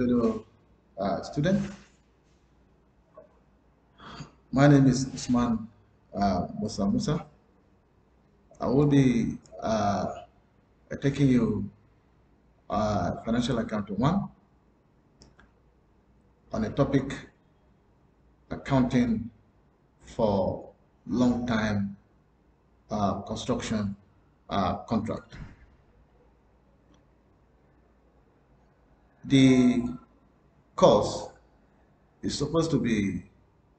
fellow uh, student. My name is Usman uh, Musa Musa. I will be uh, taking you uh, financial accounting one on a topic accounting for long time uh, construction uh, contract. the course is supposed to be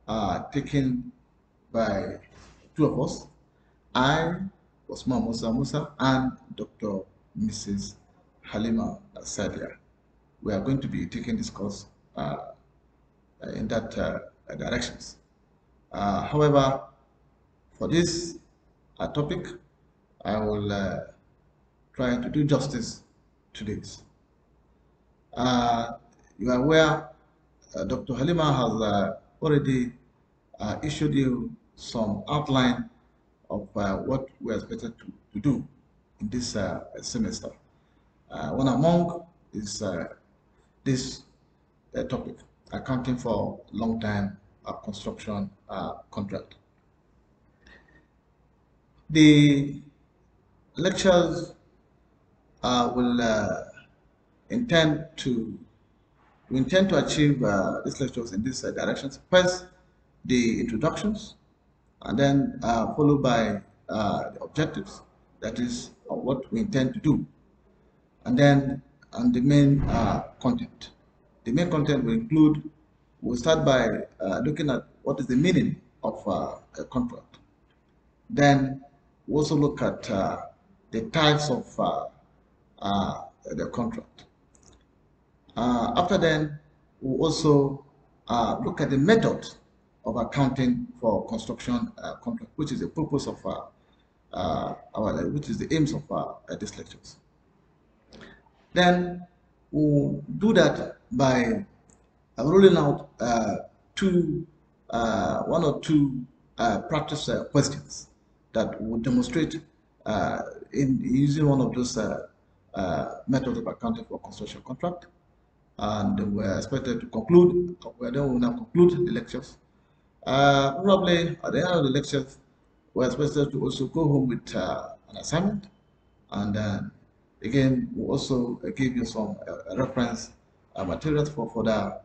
uh, taken by two of us, I, Osman Musa Musa, and Dr. Mrs. Halima Sadia. We are going to be taking this course uh, in that uh, directions. Uh, however, for this uh, topic, I will uh, try to do justice to this. Uh, you are aware uh, Dr. Halima has uh, already issued you some outline of what we are expected to, to do in this semester. one among is this topic, accounting for long-time construction contract. The lectures uh, will uh, intend to we intend to achieve uh, these lectures in these uh, directions. First, the introductions, and then uh, followed by uh, the objectives, that is uh, what we intend to do, and then and the main uh, content. The main content will include, we'll start by looking at what is the meaning of a contract. Then we we'll also look at the types of the contract uh, after then, we'll also uh, look at the method of accounting for construction uh, contract, which is the purpose of uh, uh, our, which is the aims of our, uh, these lectures. Then we'll do that by rolling out two, one or two practice questions that will demonstrate in using one of those methods of accounting for construction contract and uh, we're expected to conclude, we're then will conclude the lectures. Uh, probably at the end of the lectures, we're expected to also go home with uh, an assignment and uh, again, we'll also give you some uh, reference uh, materials for further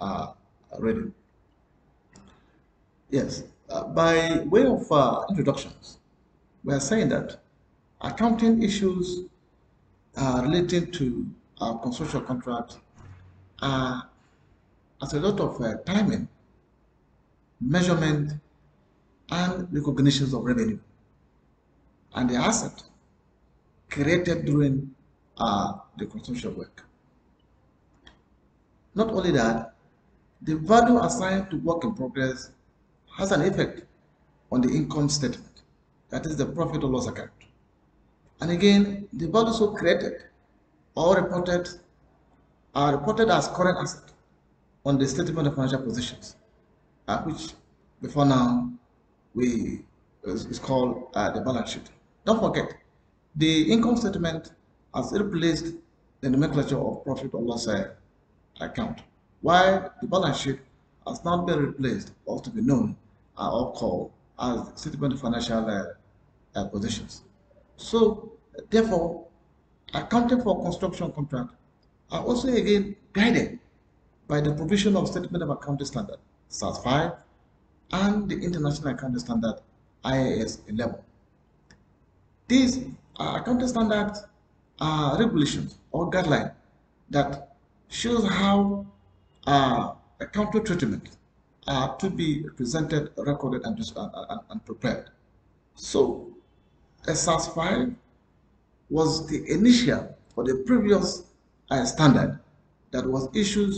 uh, reading. Yes, by way of introductions, we are saying that accounting issues relating to our construction uh, as a lot of uh, timing, measurement, and recognitions of revenue and the asset created during uh, the construction work. Not only that, the value assigned to work in progress has an effect on the income statement, that is the profit or loss account. And again, the value so created or reported are reported as current assets on the statement of financial positions, uh, which before now we is, called uh, the balance sheet. Don't forget, the income statement has replaced the nomenclature of profit or loss uh, account, while the balance sheet has not been replaced or to be known uh, or called as statement of financial uh, uh, positions. So, therefore, accounting for construction contract are also again guided by the provision of Statement of Accounting Standard SARS 5 and the International Accounting Standard IAS 11. These accounting standards are uh, regulations or guidelines that shows how uh, accounting treatment are to be presented, recorded, and, and, and prepared. So, SARS 5 was the initial or the previous a standard that was issued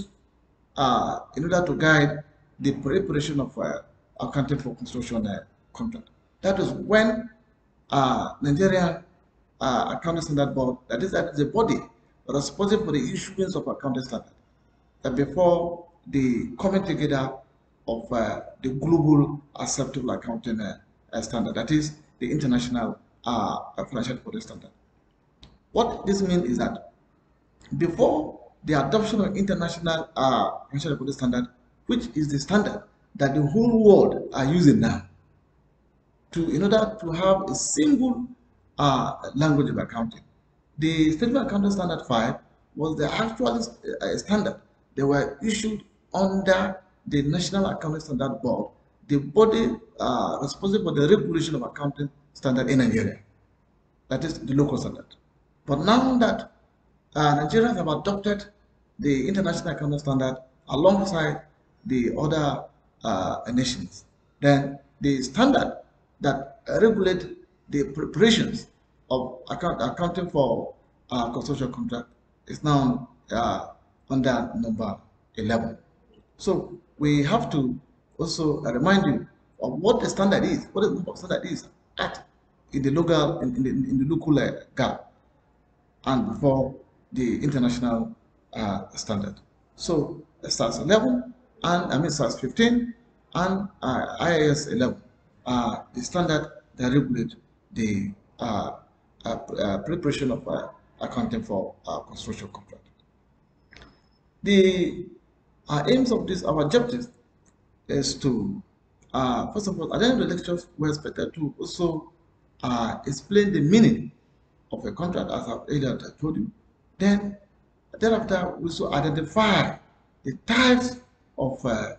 uh, in order to guide the preparation of uh, accounting for construction uh, contract. That was when uh, Nigerian uh, Accounting Standard Board, that is that the body responsible for the issuance of accounting standard, that before the coming together of the global acceptable accounting standard, that is the international financial reporting standard. What this means is that before the adoption of international uh, financial reporting standard, which is the standard that the whole world are using now, to in order to have a single uh, language of accounting. The Statement Accounting Standard 5 was the actual uh, standard. They were issued under the National Accounting Standard Board, the body uh, responsible for the regulation of accounting standard in Nigeria. That is the local standard. But now that uh, Nigerians have adopted the international accounting standard alongside the other uh, nations. Then the standard that regulate the preparations of account, accounting for uh, consortium contract is now uh, under number 11. So we have to also remind you of what the standard is, what the standard is at in the local in, in the, in the local uh, gap and before the international uh, standard. So SARS 11 and I mean SARS 15 and uh, IAS 11 are the standard that regulate the uh, uh, uh preparation of uh, accounting for construction contract. The aims of this, our objective is to, first of all, at the end of the lectures, we're expected to also explain the meaning of a contract as I've earlier told you, then thereafter, we also identify the types of uh,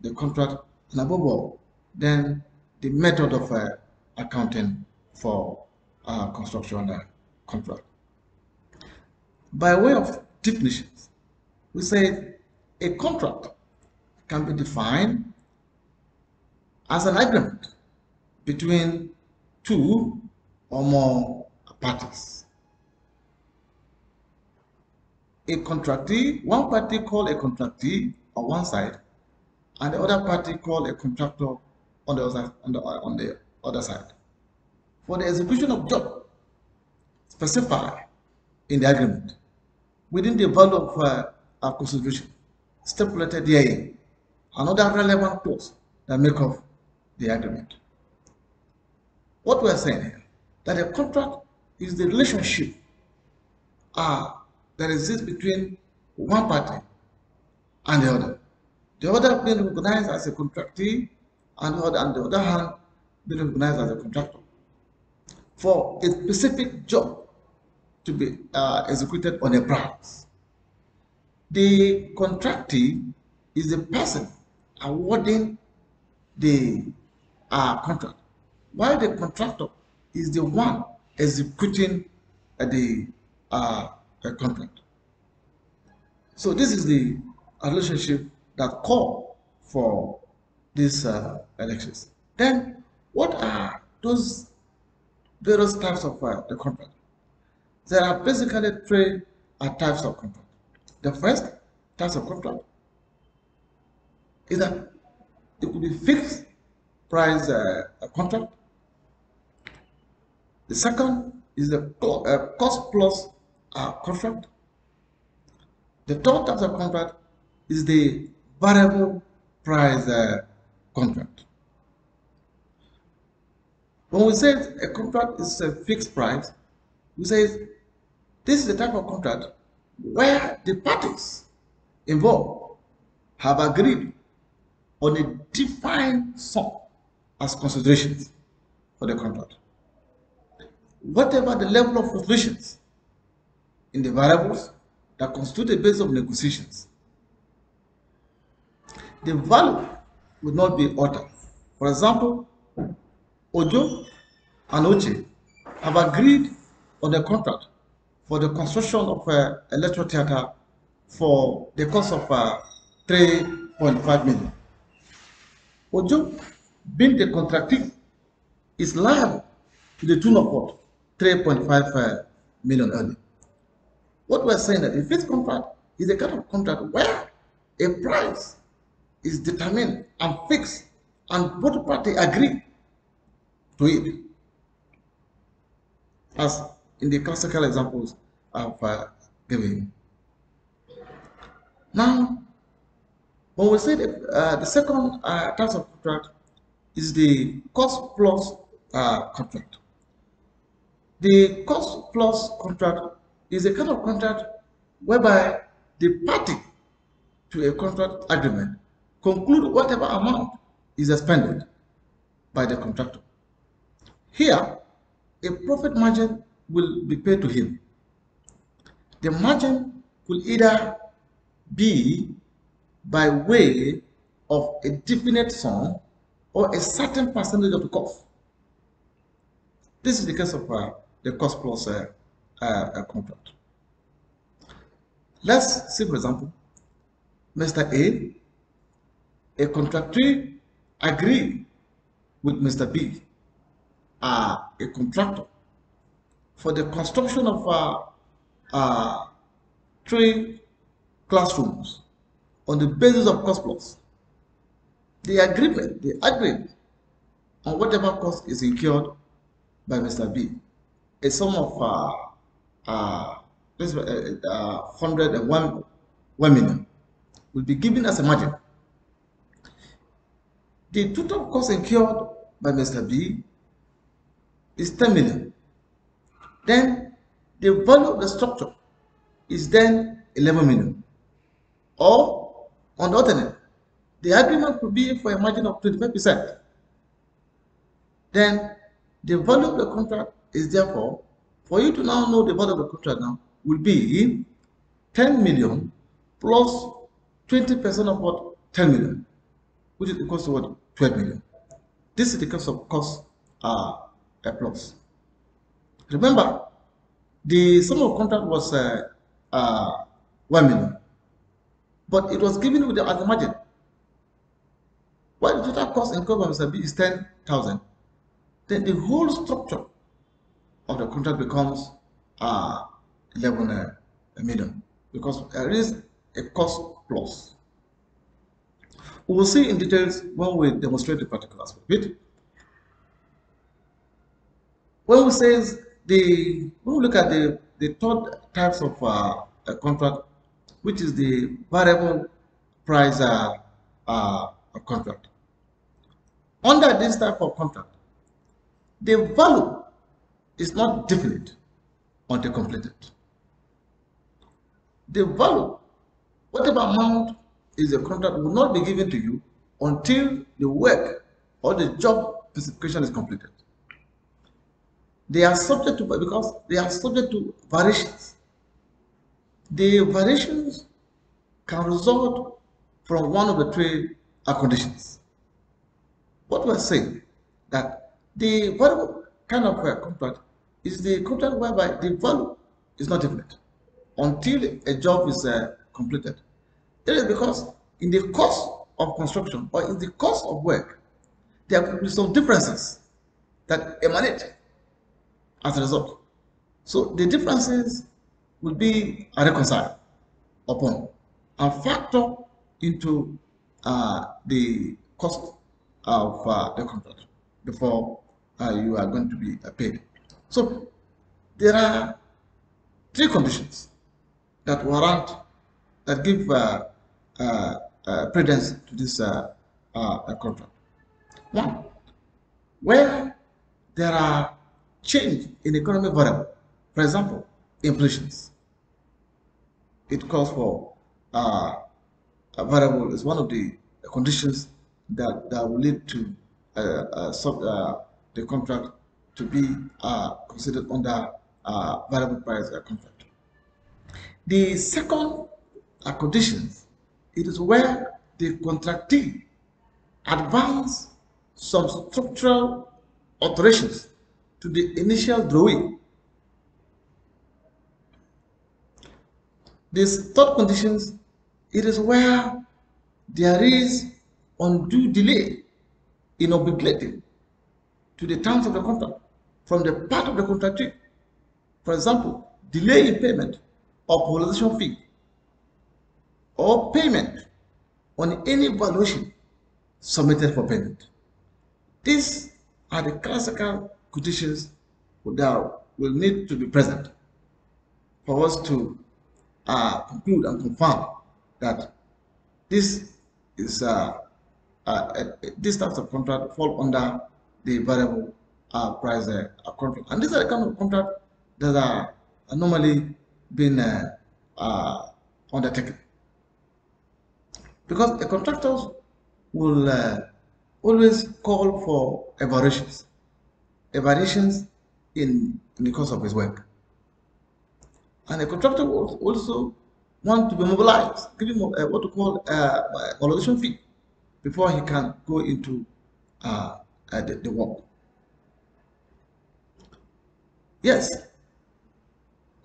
the contract and above all, then the method of uh, accounting for uh, construction contract. By way of definitions, we say a contract can be defined as an agreement between two or more parties a contractee, one party called a contractee on one side, and the other party called a contractor on the other, on the, on the other side. For the execution of job specified in the agreement within the value of uh, our constitution stipulated herein, another relevant clause that make up the agreement. What we are saying here, that a contract is the relationship uh, that exists between one party and the other. The other being recognized as a contractee and on the other hand being recognized as a contractor for a specific job to be uh, executed on a branch. The contractee is the person awarding the uh, contract, while the contractor is the one executing uh, the uh, Contract. content. So this is the relationship that call for these uh, elections. Then what are those various types of uh, the contract? There are basically three uh, types of contract. The first type of contract is that it could be fixed price uh, contract. The second is the cost plus a contract. The third type of contract is the variable price uh, contract. When we say a contract is a fixed price, we say this is the type of contract where the parties involved have agreed on a defined sum as considerations for the contract. Whatever the level of frustrations in the variables that constitute the basis of negotiations. The value will not be altered. For example, Ojo and Oche have agreed on a contract for the construction of an uh, electro theater for the cost of uh, 3.5 million. Ojo, being the contractee, is liable to the tune of what? 3.5 uh, million only. What we're saying that a fixed contract is a kind of contract where a price is determined and fixed and both parties agree to it. As in the classical examples I've uh, given. Now, when we say that uh, the second uh, type of contract is the cost plus uh, contract. The cost plus contract is a kind of contract whereby the party to a contract agreement conclude whatever amount is expended by the contractor. Here, a profit margin will be paid to him. The margin could either be by way of a definite sum or a certain percentage of the cost. This is the case of uh, the cost plus uh, uh, uh contract. Let's see, for example, Mr. A, a contractor agree with Mr. B, uh, a contractor, for the construction of uh, uh, three classrooms on the basis of cost plus. The agreement, the agreement on whatever cost is incurred by Mr. B, a sum of uh, uh, uh, uh, uh, 101 1 million will be given as a margin. The total cost incurred by Mr. B is 10 million. Then the value of the structure is then 11 million. Or on the other hand, the agreement could be for a margin of 25%. Then the value of the contract is therefore for you to now know the value of the contract now will be 10 million plus 20% of what? 10 million, which is equals to what? 12 million. This is the cost of cost uh, a plus. Remember, the sum of contract was uh, uh, 1 million, but it was given with the, other margin. What the total cost in by Mr. Be is 10,000, then the whole structure of the contract becomes uh, 11 uh, million because there is a cost plus. We will see in details when we demonstrate the particulars of it. When we say the when we look at the the third types of uh, contract, which is the variable price uh, uh, contract. Under this type of contract, the value is not definite until completed. The value, whatever amount is a contract, will not be given to you until the work or the job specification is completed. They are subject to because they are subject to variations. The variations can result from one of the three conditions. What we're saying that the variable kind of uh, contract is the contract whereby the value is not definite until a job is uh, completed. It is because in the course of construction or in the course of work, there could be some differences that emanate as a result. So the differences will be reconciled upon and factor into uh, the cost of uh, the contract before uh, you are going to be uh, paid. So there are three conditions that warrant, that give uh, uh, uh, precedence to this uh, uh, contract. One, where there are change in economic variable, for example, inflations, it calls for uh, a variable is one of the conditions that, that will lead to sub, the contract to be uh, considered under uh, variable price uh, contract. The second uh, condition, it is where the contractee advance some structural alterations to the initial drawing. This third condition, it is where there is undue delay in obligating to the terms of the contract from the part of the contractee. For example, delay in payment or mobilization fee or payment on any valuation submitted for payment. These are the classical conditions that will need to be present for us to uh, conclude and confirm that this is uh, uh, uh this type of contract fall under the variable uh, price uh, contract. And this contract that are normally been uh, uh, undertaken because the contractors will uh, always call for a variations, a variations in, in the course of his work. And the contractor will also want to be mobilized, give him a, uh, what to call uh, uh, a mobilization fee before he can go into uh, the, the work. Yes,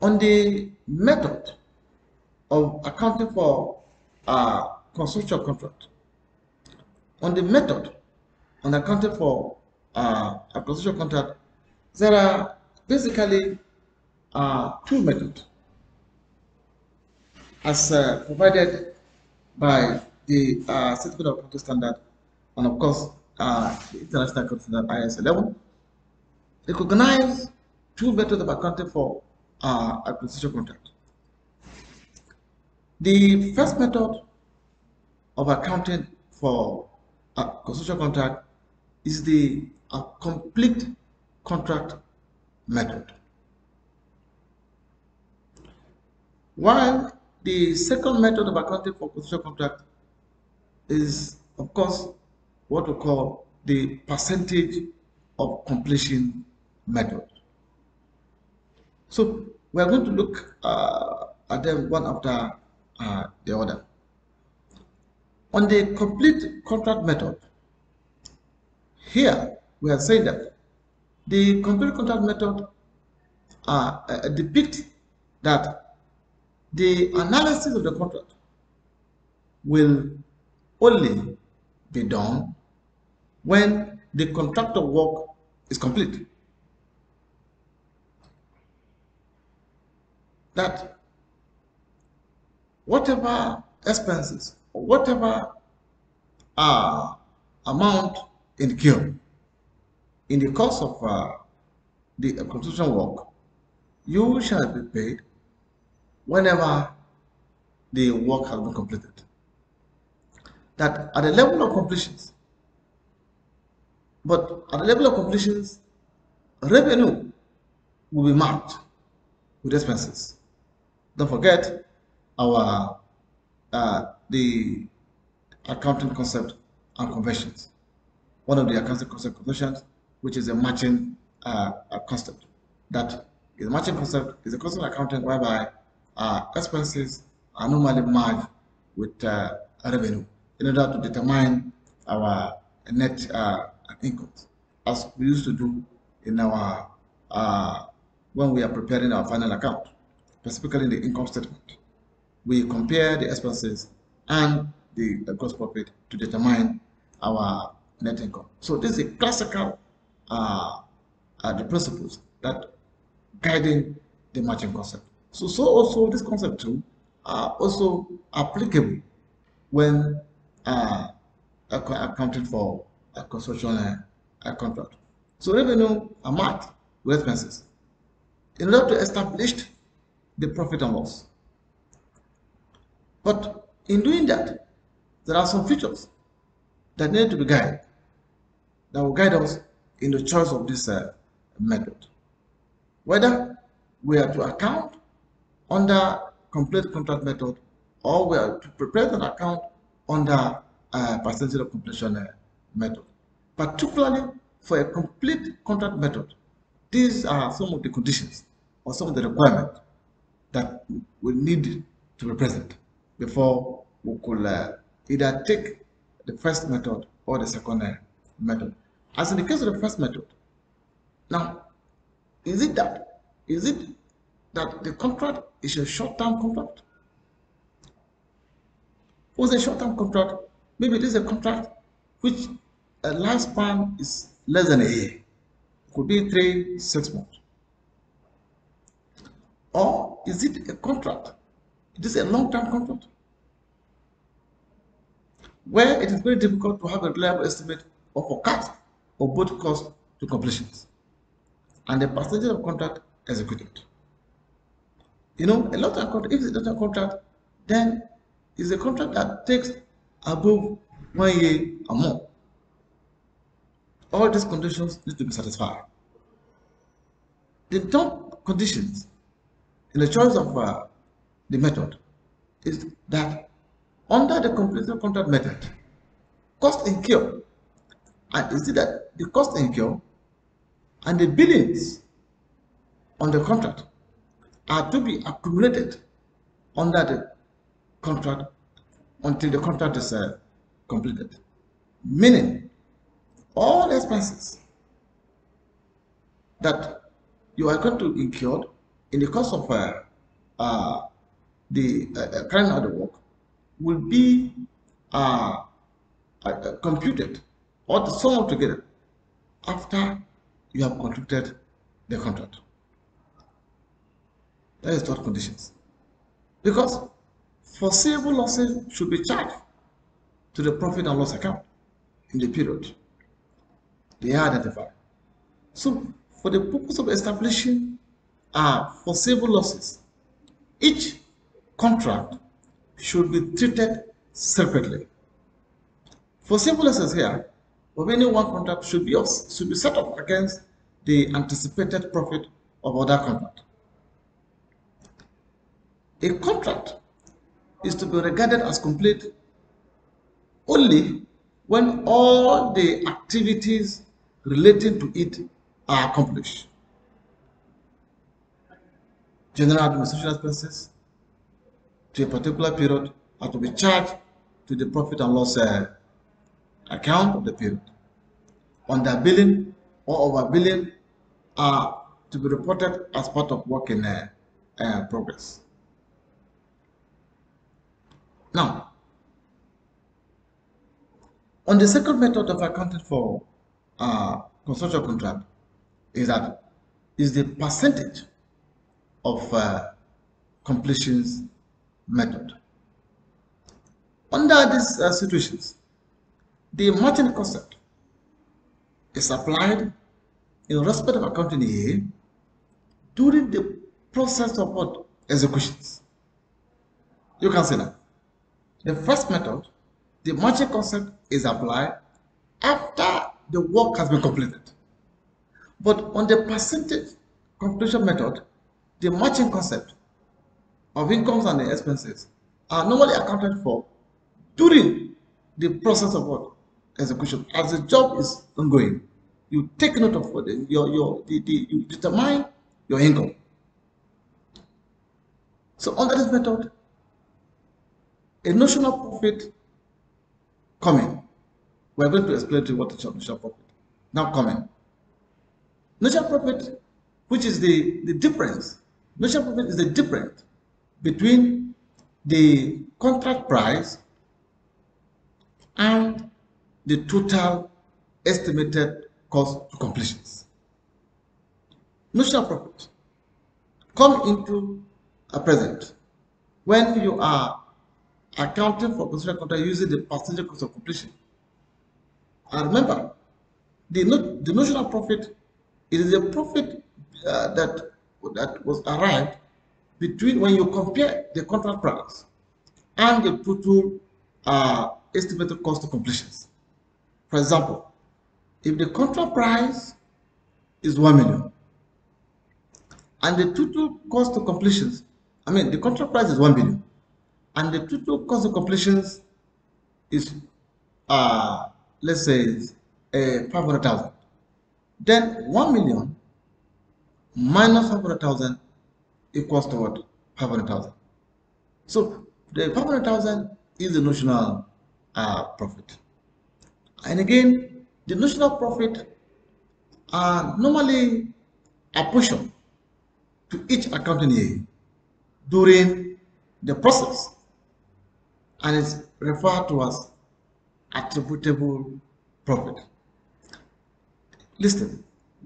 on the method of accounting for uh, construction contract, on the method on accounting for uh, a construction contract, there are basically uh, two methods as uh, provided by the uh, Certificate of Accounting Standard and of course uh, the International Accounting Standard IS 11 recognize two methods of accounting for uh, acquisition contract. The first method of accounting for a construction contract is the uh, complete contract method. While the second method of accounting for construction contract is, of course, what we call the percentage of completion method. So we are going to look uh, at them one after uh, the other. On the complete contract method, here we are saying that the complete contract method uh, uh, depicts that the analysis of the contract will only be done when the contractor work is complete. that whatever expenses or whatever uh, amount incurred in the course of uh, the construction work, you shall be paid whenever the work has been completed. That at the level of completions, but at the level of completions, revenue will be marked with expenses. Don't forget our uh, the accounting concept and conventions. One of the accounting concept conventions, which is a matching uh, concept. That is a matching concept is a concept accounting whereby uh, expenses are normally merged with uh, revenue in order to determine our net uh, income, as we used to do in our uh, when we are preparing our final account specifically in the income statement. We compare the expenses and the uh, gross profit to determine our net income. So this is classical uh, uh, the principles that guiding the matching concept. So, so also this concept too are also applicable when uh, accounting for a construction uh, contract. So revenue are marked with expenses. In order to establish the profit and loss. But in doing that, there are some features that need to be guided that will guide us in the choice of this uh, method. Whether we are to account under complete contract method or we are to prepare an account under uh, percentage of completion uh, method. Particularly for a complete contract method, these are some of the conditions or some of the requirements that we need to be present before we could uh, either take the first method or the second uh, method. As in the case of the first method, now, is it that, is it that the contract is a short-term contract? Was a short-term contract, maybe it is a contract which a lifespan is less than a year. It could be three, six months or is it a contract? It is a long-term contract where it is very difficult to have a reliable estimate a cut or both cost to completions and the percentage of contract executed. You know, a long-term contract, if it's a long-term contract, then it's a contract that takes above one year or more. All these conditions need to be satisfied. The top conditions in the choice of uh, the method is that under the completion contract method, cost incurred, and you see that the cost incurred and the billings on the contract are to be accumulated under the contract until the contract is uh, completed. Meaning, all expenses that you are going to incur in the course of uh, uh, the uh, carrying out work will be computed or the sum after you have concluded the contract. That is third conditions. Because foreseeable losses should be charged to the profit and loss account in the period they are identified. So for the purpose of establishing are foreseeable losses. Each contract should be treated separately. Foreseeable losses here, any one contract should be, should be set up against the anticipated profit of other contract. A contract is to be regarded as complete only when all the activities relating to it are accomplished general administration expenses to a particular period are to be charged to the profit and loss uh, account of the period. billing or overbilling are to be reported as part of work in uh, uh, progress. Now, on the second method of accounting for uh, construction contract is that is the percentage of uh, completions method. Under these uh, situations, the matching concept is applied in respect of accounting year during the process of what? Executions. You can see that. The first method, the matching concept is applied after the work has been completed. But on the percentage completion method, the matching concept of incomes and expenses are normally accounted for during the process of what? Execution. As the job is ongoing, you take note of what your, your, the, the, you determine your income. So under this method, a notion of profit coming. We're going to explain to you what is notional profit. Now coming. Notional profit, which is the, the difference Mutual profit is the difference between the contract price and the total estimated cost to completions. Mutual profit come into a present when you are accounting for construction contract using the percentage cost of completion. And remember, the, the notional profit is the profit uh, that that was arrived between when you compare the contract price and the total uh, estimated cost of completions. For example, if the contract price is 1 million and the total cost of completions, I mean, the contract price is 1 billion and the total cost of completions is, uh, let's say, uh, 500,000, then 1 million minus 500,000 equals to what? 500,000. So the 500,000 is the notional uh, profit. And again, the notional profit are normally apportioned to each accounting year during the process and is referred to as attributable profit. Listen,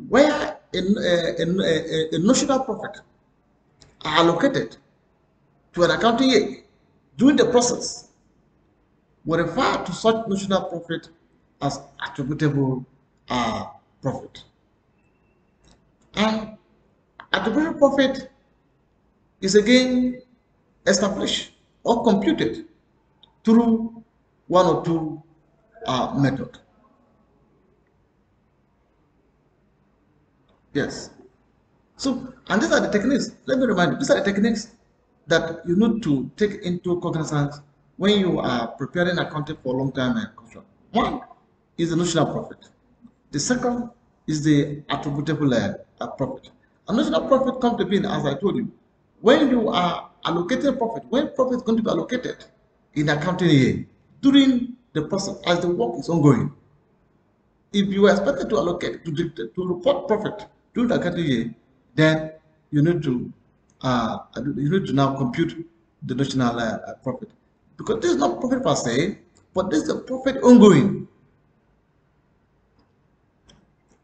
where a, a, a, a notional profit are allocated to an accounting year during the process we refer to such notional profit as attributable uh, profit. And attributable profit is again established or computed through one or two uh, Yes. So, and these are the techniques, let me remind you, these are the techniques that you need to take into cognizance when you are preparing accounting for long-term culture. One is the notional profit. The second is the attributable uh, profit. A notional profit comes to being, as I told you, when you are allocating profit, when profit is going to be allocated in accounting year, during the process, as the work is ongoing. If you are expected to allocate, to, to report profit do the category, then you need to uh, you need to now compute the national uh, uh profit because this is not profit per se, but this is a profit ongoing.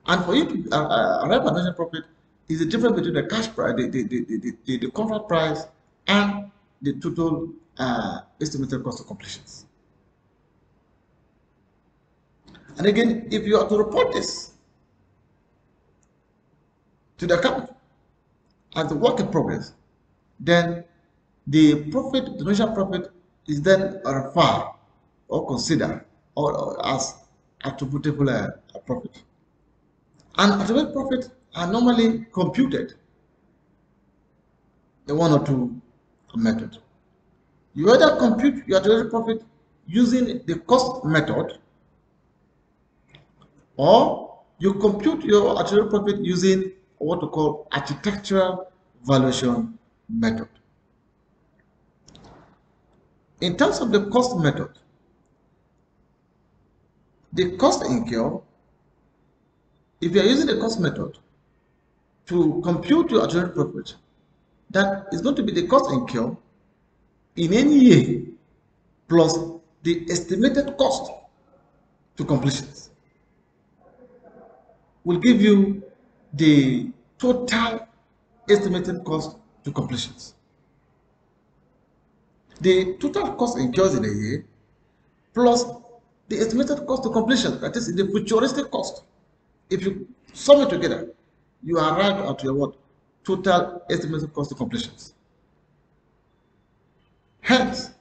And for you to uh, uh, arrive at national profit is the difference between the cash price, the the, the, the, the, the contract price, and the total uh, estimated cost of completions. And again, if you are to report this to the account as a work in progress. Then the profit, the notional profit, is then referred or considered or, or as attributable uh, profit. And attributable profit are normally computed in one or two method. You either compute your attributable profit using the cost method or you compute your attributable profit using what we call architectural valuation method. In terms of the cost method, the cost incurred, if you are using the cost method to compute your alternate profit, that is going to be the cost incurred in any year plus the estimated cost to completion will give you the total estimated cost to completions. The total cost incurred in a year plus the estimated cost to completion, that is the futuristic cost. If you sum it together, you arrive at your what? Total estimated cost to completions. Hence,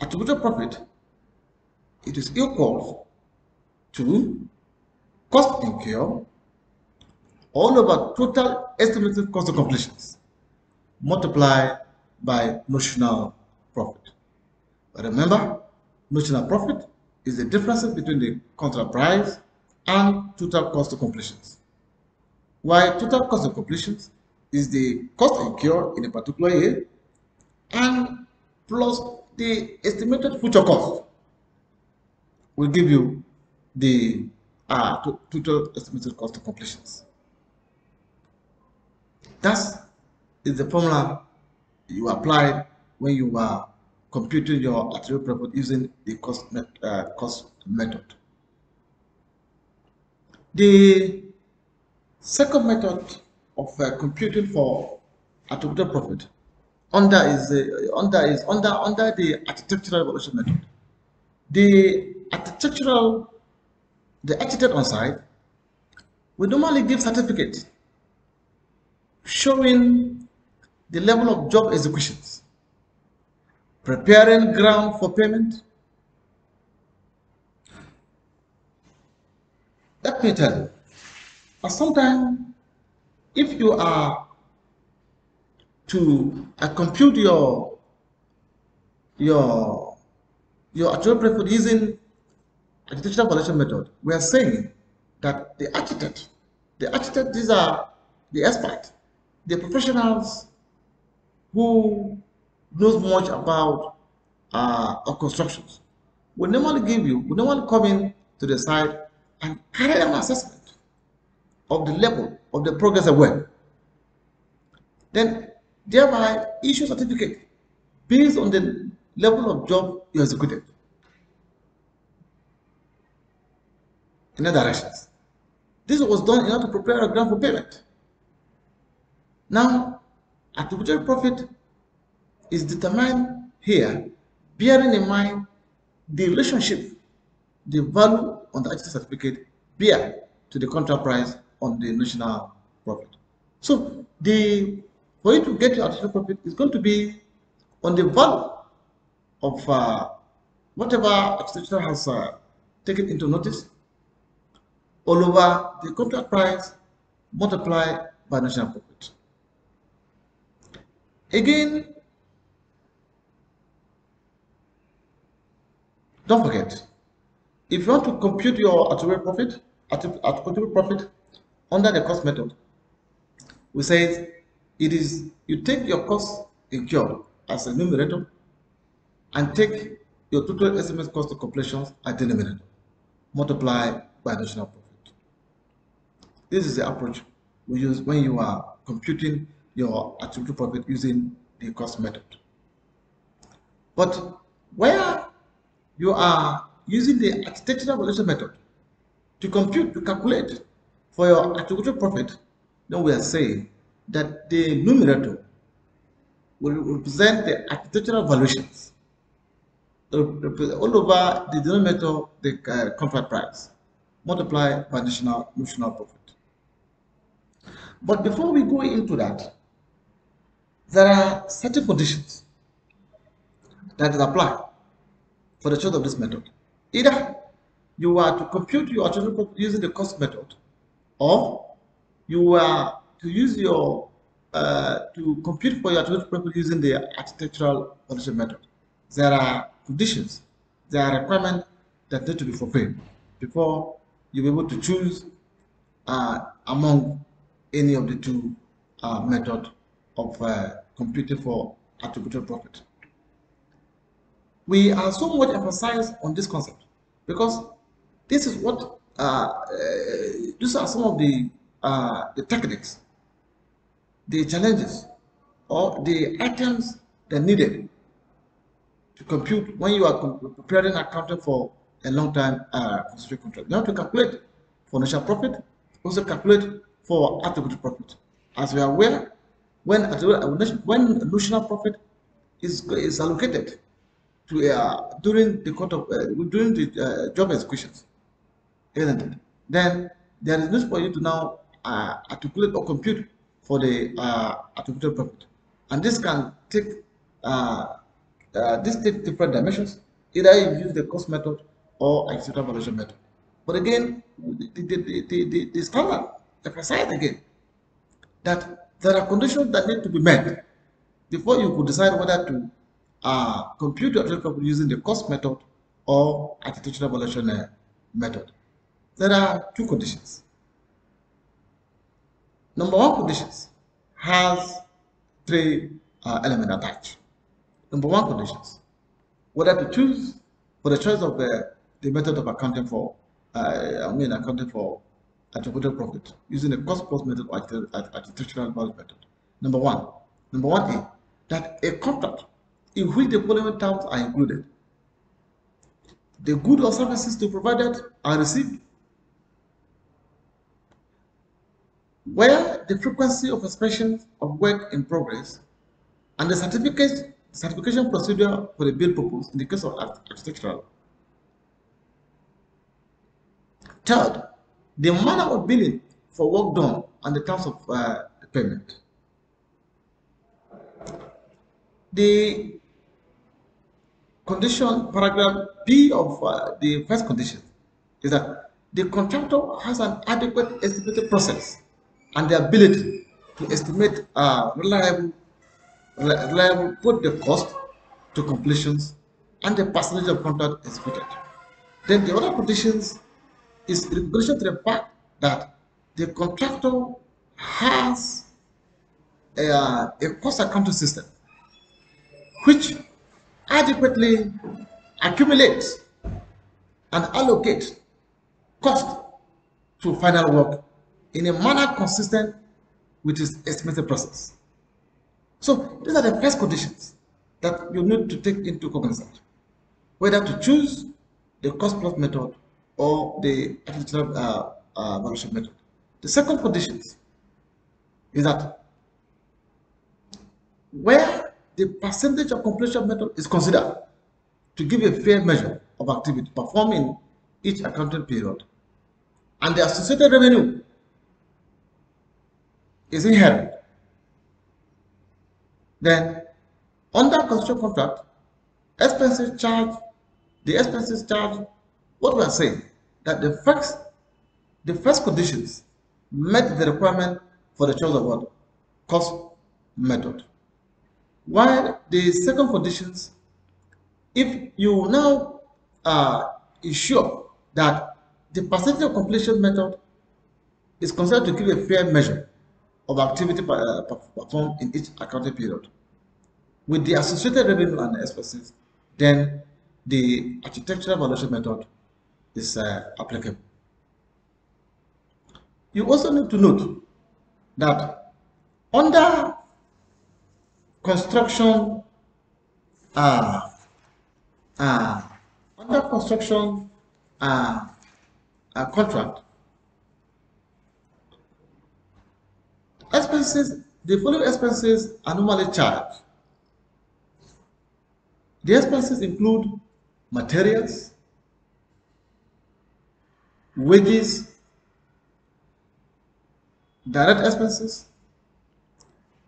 attributable profit, it is equal to cost incurred all over total estimated cost of completions multiplied by notional profit. But remember, notional profit is the difference between the contract price and total cost of completions. While total cost of completions is the cost incurred in a particular year and plus the estimated future cost will give you the uh, total estimated cost of completions. That is the formula you applied when you were computing your arterial profit using the cost, met, uh, cost method. The second method of uh, computing for attributable profit under is uh, under is under under the architectural valuation method. The architectural the architect on site will normally give certificates showing the level of job executions, preparing ground for payment. Let me tell you, but sometimes if you are to uh, compute your your your actual profit using architectural valuation method, we are saying that the architect, the architect, these are the experts, the professionals who knows much about uh, our constructions will normally give you, will normally come in to the site and carry an assessment of the level of the progress of work. Then thereby issue certificate based on the level of job you executed in other directions. This was done in order to prepare a grant for payment. Now, attributed profit is determined here, bearing in mind the relationship the value on the HT certificate bear to the contract price on the national profit. So the for you to get your artificial profit is going to be on the value of uh, whatever extension has uh, taken into notice all over the contract price multiplied by national profit. Again, don't forget, if you want to compute your attributable profit, attributable profit under the cost method, we say it is you take your cost incurred as a numerator and take your total estimate cost of completions as denominator, multiply by additional profit. This is the approach we use when you are computing your attributable profit using the cost method. But where you are using the architectural valuation method to compute, to calculate for your attributable profit, then we are saying that the numerator will represent the architectural valuations all over the denominator, the uh, contract price, multiplied by notional, notional profit. But before we go into that, there are certain conditions are applied for the choice of this method. Either you are to compute your alternative using the cost method, or you are to use your uh, to compute for your alternative purpose using the architectural condition method. There are conditions, there are requirements that need to be fulfilled before you be able to choose uh, among any of the two uh, methods of uh, computing for attributed profit. We are so much emphasized on this concept because this is what uh, uh, these are some of the uh, the techniques, the challenges, or the items that needed to compute when you are preparing accounting for a long time uh, contract. You have to calculate for financial profit, also calculate for attributed profit. As we are aware, when when notional profit is is allocated to uh, during the court of uh, during the uh, job executions, isn't it? Then there is no for you to now uh, articulate or compute for the uh, attributable profit, and this can take uh, uh, this take different dimensions. Either you use the cost method or executive valuation method. But again, the, the, the, the, the standard emphasized again that there are conditions that need to be met before you could decide whether to uh, compute your outcome using the cost method or attitudinal evaluation uh, method. There are two conditions. Number one conditions has three uh, elements attached. Number one conditions, whether to choose for the choice of the, uh, the method of accounting for, uh, I mean accounting for attributable profit using a cost-plus method or architectural value method. Number one, number one is that a contract in which the following terms are included. The goods or services to provided are received where the frequency of expressions of work in progress and the certificate, certification procedure for the bill proposed in the case of architectural. Third, the manner of billing for work done and the terms of uh, payment. The condition, paragraph B of uh, the first condition is that the contractor has an adequate estimated process and the ability to estimate uh, reliable, reliable both the cost to completions and the percentage of contract executed. Then the other conditions is in relation to the fact that the contractor has a, uh, a cost accounting system which adequately accumulates and allocates cost to final work in a manner consistent with its estimated process. So these are the first conditions that you need to take into cognizance, whether to choose the cost plus method or the architectural uh, uh, evaluation method. The second condition is that where the percentage of completion method is considered to give a fair measure of activity performed in each accounting period and the associated revenue is inherent, then under construction contract, expenses charged, the expenses charged what we are saying that the first the first conditions met the requirement for the choice of what? Cost method. While the second conditions, if you now uh, ensure that the percentage of completion method is considered to give a fair measure of activity uh, performed in each accounting period with the associated revenue and expenses, then the architectural valuation method is uh, applicable. You also need to note that under construction uh, uh, under construction uh, uh, contract expenses the following expenses are normally charged the expenses include materials wages, direct expenses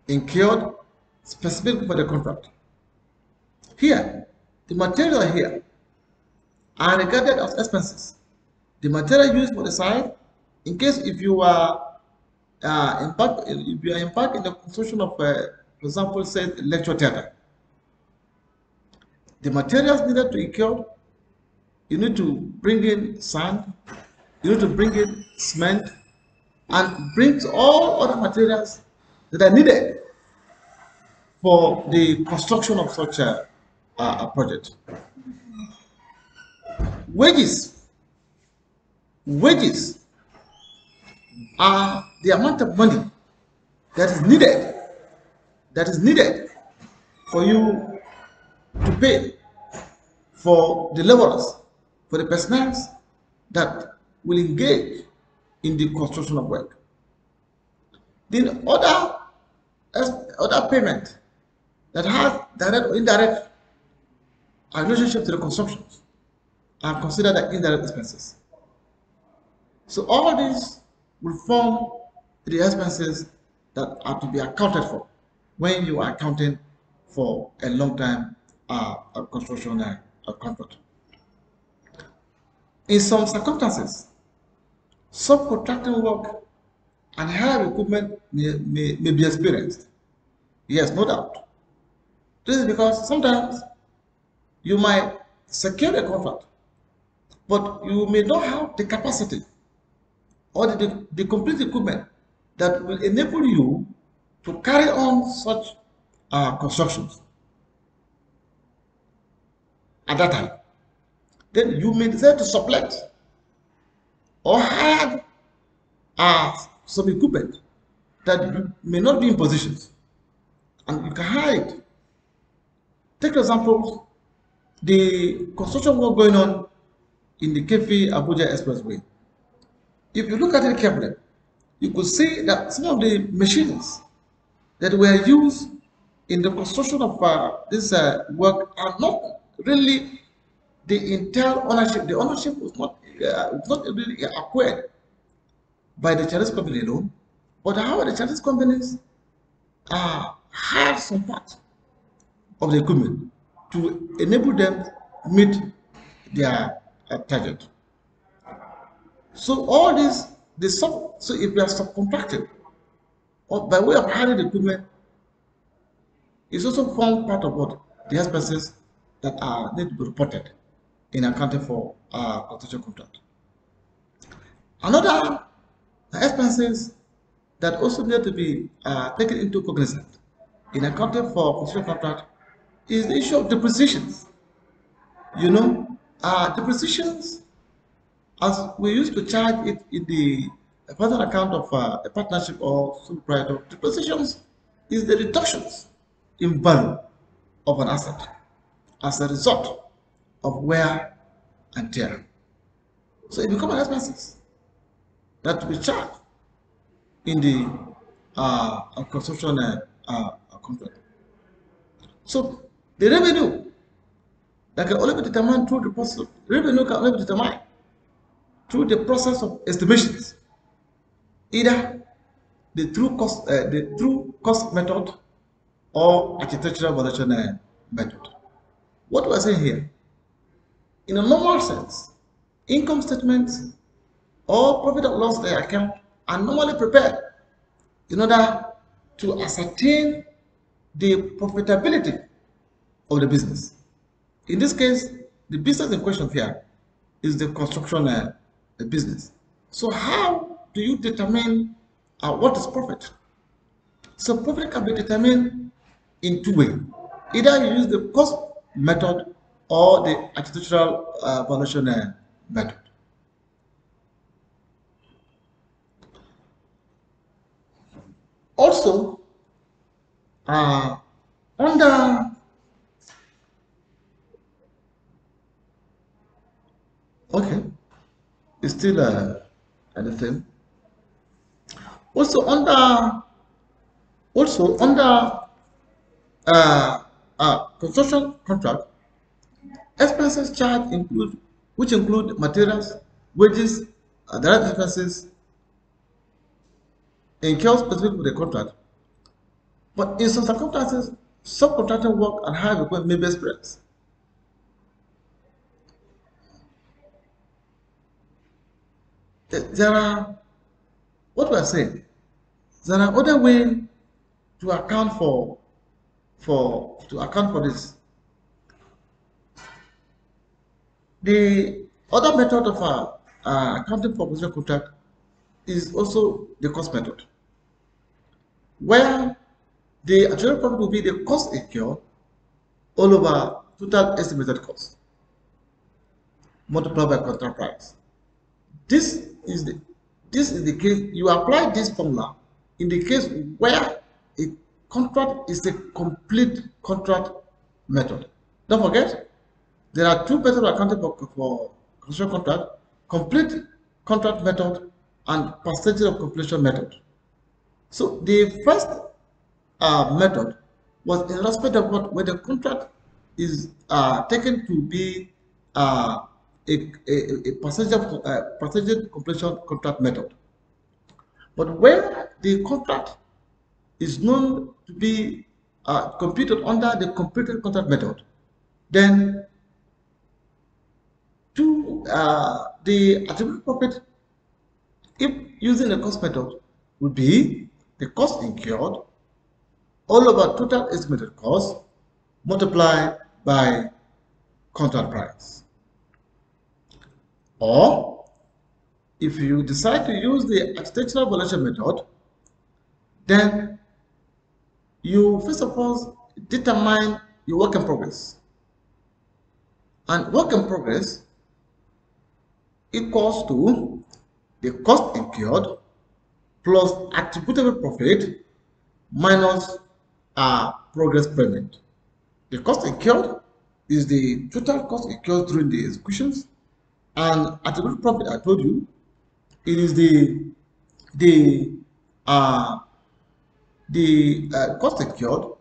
incurred specific for the contract. Here, the material here are regarded as expenses. The material used for the site, in case if you are uh, in if you are in in the construction of, uh, for example, say lecture theater, the materials needed to incur, you need to bring in sand, you need to bring in cement and brings all other materials that are needed for the construction of such a, a project. Wages. Wages are the amount of money that is needed that is needed for you to pay for the laborers, for the personnel that will engage in the construction of work. Then other, other payment that has direct or indirect relationship to the consumptions are considered as indirect expenses. So all these will form the expenses that are to be accounted for when you are accounting for a long time uh, construction uh, contract. In some circumstances, Subcontracting work and higher equipment may, may, may be experienced. Yes, no doubt. This is because sometimes you might secure a contract, but you may not have the capacity or the, the complete equipment that will enable you to carry on such uh, constructions at that time. Then you may decide to sublet or hired some equipment that may not be in positions and you can hide. Take for example, the construction work going on in the Kefi Abuja Expressway. If you look at it carefully, you could see that some of the machines that were used in the construction of uh, this uh, work are not really the entire ownership. The ownership was not uh, not really acquired by the Chinese company alone, but how the Chinese companies uh, have some part of the equipment to enable them meet their uh, target. So all this, the sub, so if they are subcontracted or by way of hiring equipment, is also found part of what the expenses that are need to be reported in accounting for uh, of the job contract. Another expenses that also need to be uh, taken into cognizance in accounting for construction contract is the issue of depreciations. You know, uh, depreciations, as we used to charge it in the further account of uh, a partnership or sole proprietor, depreciations is the reductions in value of an asset as a result of where and tearing. So it becomes an expenses that we charge in the uh, construction uh, uh, So the revenue that can only be determined through the process. revenue can only be determined through the process of estimations, either the true cost, uh, the true cost method, or architectural valuation uh, method. What we are saying here in a normal sense, income statements or profit and loss their account are normally prepared in order to ascertain the profitability of the business. In this case, the business in question here is the construction uh, business. So how do you determine uh, what is profit? So profit can be determined in two ways. Either you use the cost method or the attitudinal uh, evaluation uh, method. Also, uh, under okay, it's still uh, the same. Also under also under uh, uh, construction contract Expenses charged include, which include materials, wages, uh, direct expenses, case specific with the contract. But in some circumstances, subcontracting work and hire equipment may be spreads. There are, what we are saying, there are other ways to account for, for, to account for this. The other method of uh, uh accounting for provisional contract is also the cost method, where the actual profit will be the cost incurred all over total estimated cost multiplied by contract price. This is the this is the case you apply this formula in the case where a contract is a complete contract method. Don't forget there are two methods of accounting for, construction contract, complete contract method and percentage of completion method. So the first uh, method was in respect of what where the contract is uh, taken to be uh, a, a, a percentage of uh, percentage completion contract method. But when the contract is known to be uh, computed under the completed contract method, then to uh, the attribute profit if using the cost method would be the cost incurred all over total estimated cost multiplied by contract price or if you decide to use the architectural valuation method then you first of all determine your work in progress and work in progress equals to the cost incurred plus attributable profit minus uh, progress payment. The cost incurred is the total cost incurred during the executions and attributable profit I told you it is the the uh, the uh, cost incurred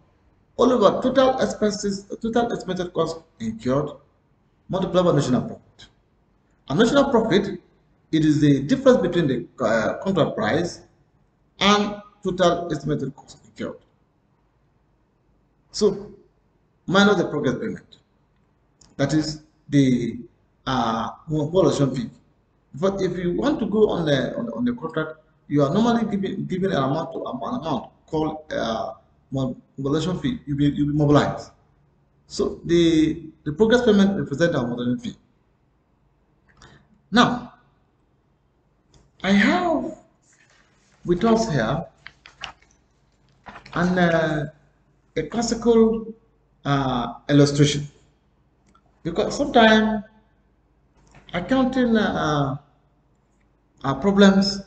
all over total expenses total estimated cost incurred multiplied by national profit. Notional profit, it is the difference between the uh, contract price and total estimated cost incurred. So, minus the progress payment, that is the uh, fee. But if you want to go on the on the, on the contract, you are normally given giving an amount to an amount called uh, mobilization fee. You be you be mobilized. So the the progress payment represents our mobilization fee. Now, I have with us here an, uh, a classical uh, illustration because sometimes accounting uh, problems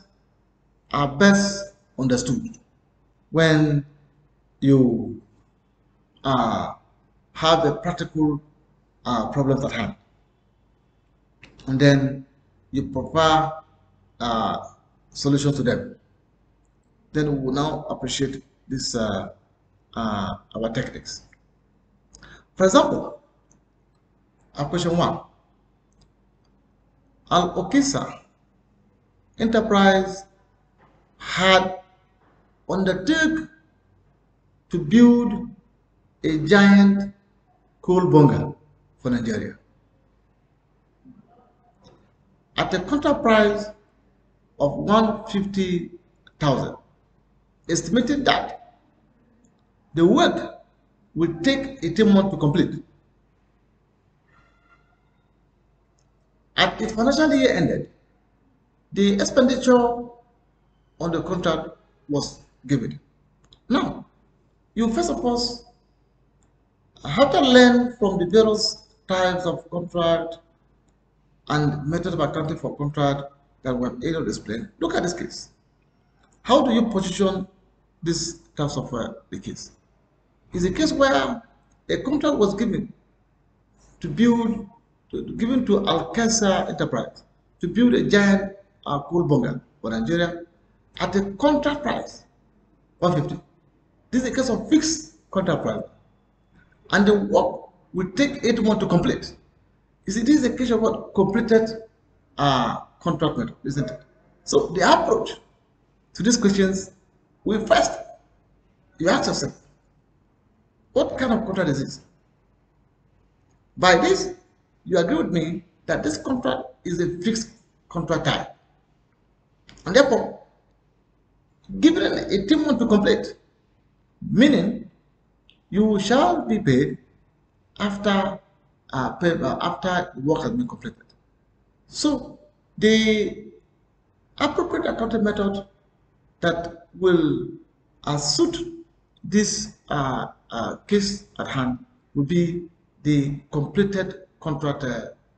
are best understood when you uh, have the practical uh, problems at hand. And then you prepare uh, solution to them. Then we will now appreciate this uh, uh, our techniques. For example, our question one. Al-Okisa enterprise had undertook to build a giant coal bunker for Nigeria at a contract price of 150,000, estimating that the work will take 18 months to complete. At the financial year ended, the expenditure on the contract was given. Now, you first of all have to learn from the various types of contract and method of accounting for contract that were earlier explained. Look at this case. How do you position this type of uh, the case? Is a case where a contract was given to build, to, given to Alcasa Enterprise to build a giant uh, coal bunker for Nigeria at a contract price, 150. This is a case of fixed contract price. And the work will take eight months to complete. You see, this is a case of completed uh, contract method, isn't it? So the approach to these questions, we first, you ask yourself, what kind of contract is this? By this, you agree with me that this contract is a fixed contract type. And therefore, given a months to complete, meaning you shall be paid after uh, after the work has been completed. So the appropriate accounting method that will uh, suit this uh, uh, case at hand will be the completed contract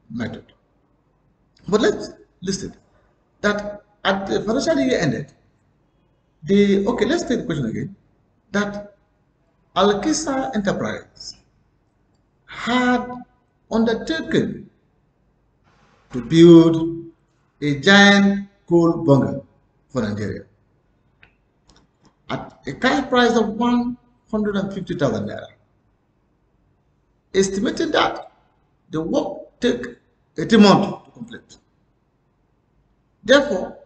method. But let's list it that at the financial year ended, the okay, let's take the question again that Alkisa Enterprise had undertaken to build a giant coal bunker for Nigeria at a cash price of 150,000 naira, estimating that the work take 18 months to complete. Therefore,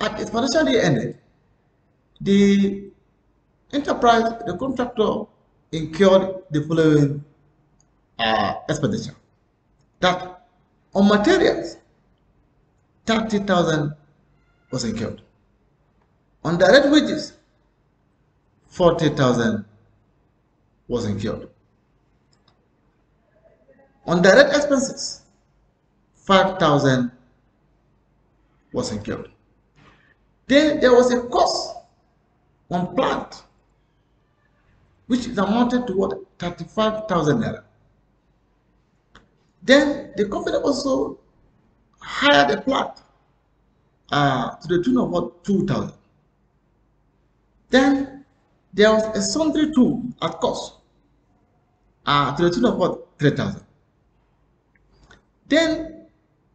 at its financial year ended, the enterprise, the contractor incurred the following uh, expedition that on materials 30,000 was incurred on direct wages 40,000 was incurred on direct expenses 5,000 was incurred then there was a cost on plant which is amounted to what 35,000 naira then the company also hired a plant uh, to the tune of about 2000. Then there was a sundry tool at cost uh, to the tune of about 3000. Then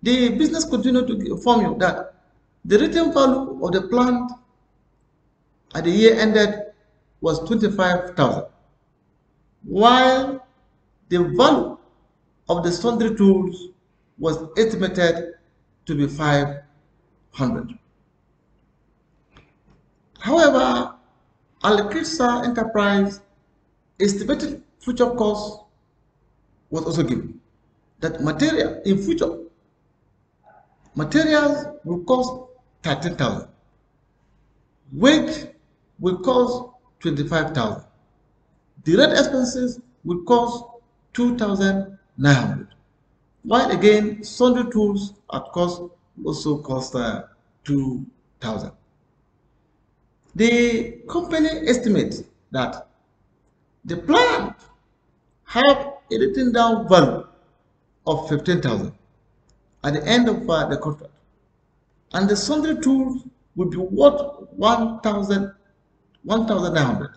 the business continued to inform you that the written value of the plant at the year ended was 25,000 while the value of the sundry tools was estimated to be 500. However, al Enterprise estimated future cost was also given that material in future materials will cost 13,000 weight will cost 25,000 direct expenses will cost 2,000 900. While again, sundry tools at cost also cost uh, 2,000. The company estimates that the plant have a written down value of 15,000 at the end of uh, the contract and the sundry tools would be worth 1,900. 1,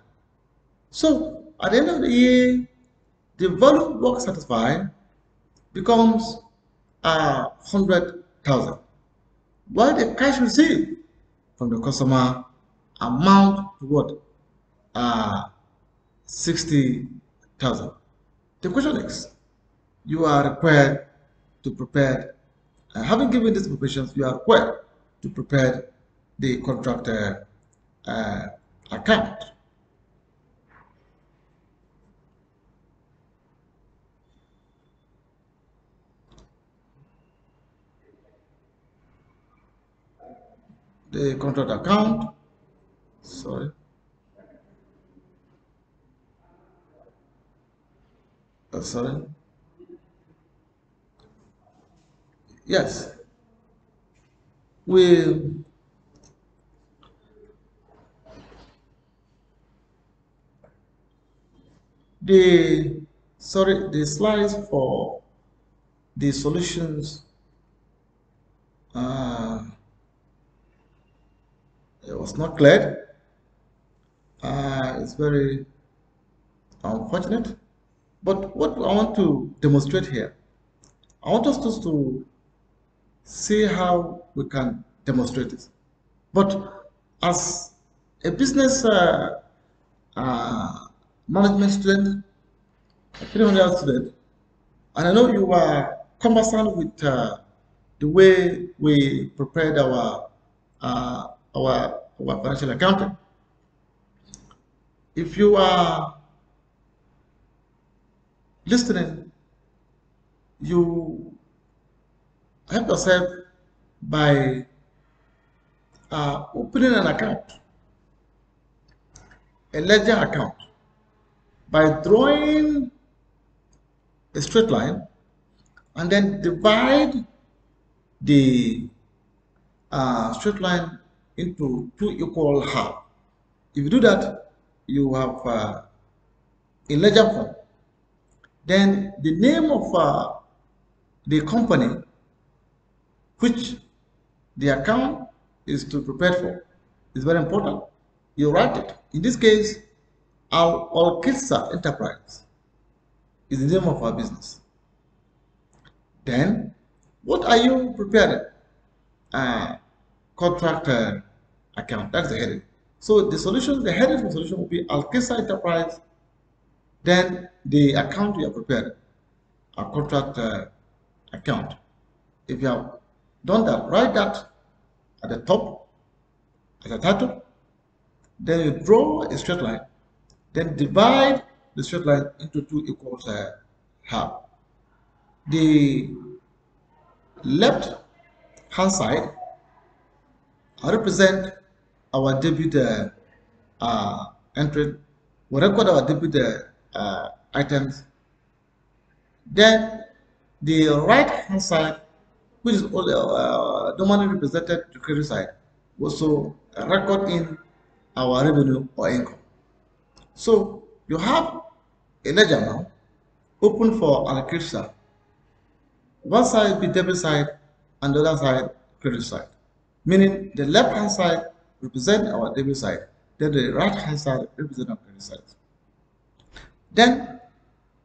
so at the end of the year, the value work satisfied becomes uh, 100,000 while the cash received from the customer amount to what? Uh, 60,000. The question is, you are required to prepare, uh, having given these provisions, you are required to prepare the contractor uh, account. the contract account. Sorry. Uh, sorry. Yes. We the sorry the slides for the solutions uh, it was not cleared uh, it's very unfortunate but what I want to demonstrate here I want us to see how we can demonstrate this but as a business uh, uh, management student a criminal student and I know you are conversant with uh, the way we prepared our uh, our, our financial accountant. If you are listening, you help yourself by uh, opening an account, a ledger account, by drawing a straight line and then divide the uh, straight line into two equal half. If you do that, you have uh, a ledger form. Then the name of uh, the company which the account is to prepare for is very important. You write it. In this case, our Alkitsa Enterprise is the name of our business. Then, what are you preparing? Uh, contract account. That's the heading. So the solution, the heading for solution will be Alkesa Enterprise, then the account you have prepared, a contract account. If you have done that, write that at the top as a title, then you draw a straight line, then divide the straight line into two equal uh, half. The left hand side I represent our debut uh, uh, entry. We record our debut uh, items. Then the right hand side, which is only uh, normally represented the credit side, also record in our revenue or income. So you have a ledger now open for allocation. One side be debit side and the other side credit side meaning the left hand side represent our debit side, then the right hand side represent our credit side. Then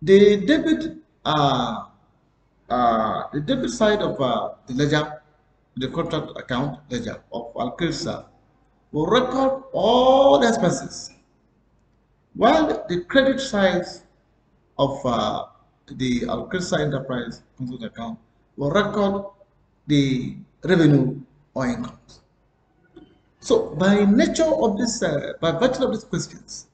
the debit uh, uh, the debit side of uh, the ledger, the contract account ledger of Alcursa will record all the expenses, while the credit side of uh, the Alcursa Enterprise Consult account will record the revenue or incomes. So by nature of this, uh, by virtue of these questions,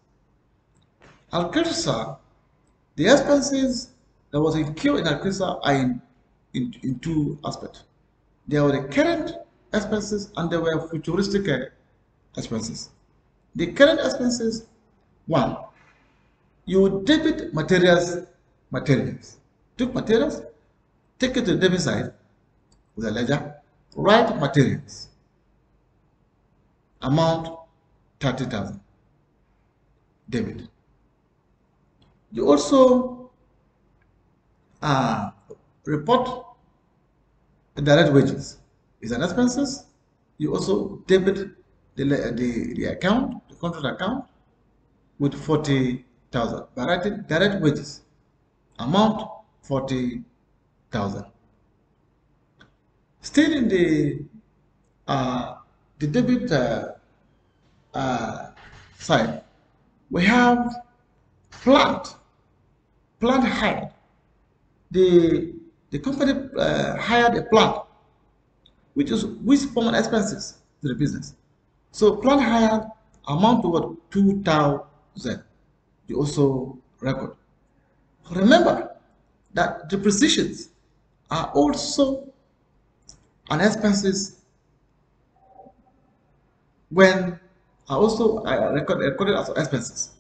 al the expenses that was incurred in al are in, in, in, two aspects. There were the current expenses and there were futuristic uh, expenses. The current expenses, one, you debit materials, materials. Took materials, take it to the debit side with a ledger, right materials amount 30,000 David you also uh, report direct wages is an expenses you also debit the, the, the account the contract account with 40,000 direct wages amount 40,000 Still in the uh, the debit uh, uh side, we have plant, plant hired. The the company uh, hired a plant, which is which formal expenses to the business. So plant hired amount to what two thousand. You also record. Remember that depreciations are also and expenses when I also I record, recorded as expenses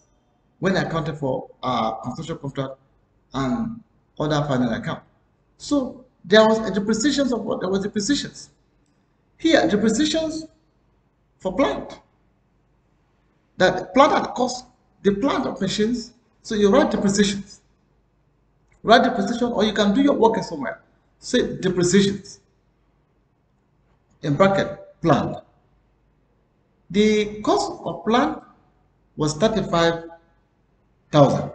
when I accounted for a uh, construction contract and other final account. So there was a depreciation of what there was depreciations. Here depreciations for plant. That plant at cost, the plant of machines, so you write depreciations. Write depreciation or you can do your work somewhere. Say depreciations a bracket plant. The cost of plant was 35,000.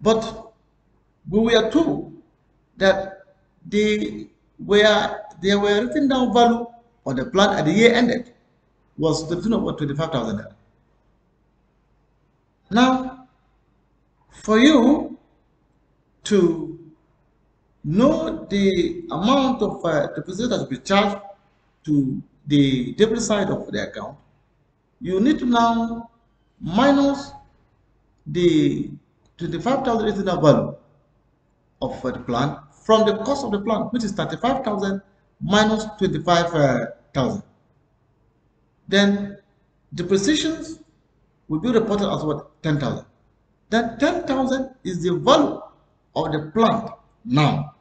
But we were told that they were, they were written down value of the plant at the year ended was to the tune of 25,000. Now, for you to know the amount of uh, deposit that will be charged to the debit side of the account, you need to now minus the 25,000 value of uh, the plan from the cost of the plan, which is 35,000 minus 25,000. Then the depreciations will be reported as what 10,000. Then 10,000 is the value of the plant now.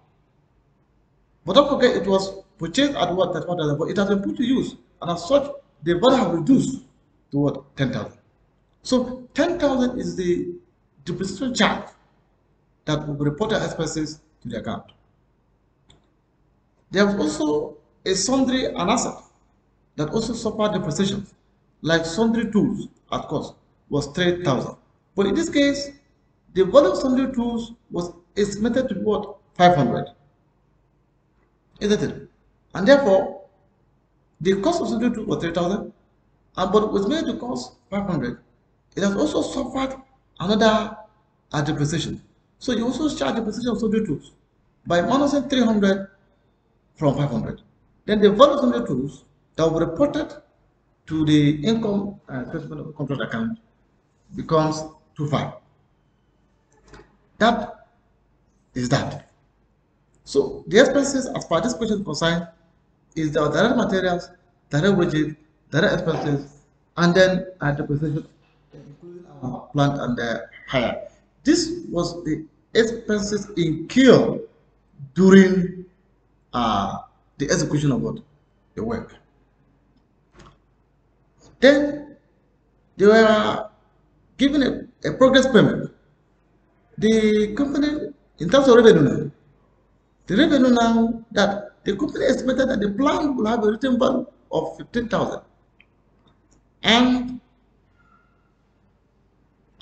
But don't forget, it was purchased at what but it has been put to use. And as such, the value has reduced to what 10,000. So 10,000 is the depreciation charge that will be reported expenses to the account. There was also a sundry and asset that also suffered depreciation, like sundry tools at cost was 3,000. But in this case, the value of sundry tools was estimated to be what 500 isn't it? And therefore, the cost of subsidiary 2 was 3,000, and but was made to cost 500. It has also suffered another uh, depreciation. So you also charge depreciation of subsidiary tools by minusing 300 from 500. Then the value of subsidiary tools that were reported to the income uh, statement of control account becomes 25. That is that. So the expenses as participation concerned is the direct materials, direct wages, direct expenses, and then uh, depreciation, including our plant and the hire. This was the expenses incurred during uh, the execution of what? the work. Then they were given a, a progress payment. The company, in terms of revenue, the revenue now that the company estimated that the plant will have a written value of 15,000. And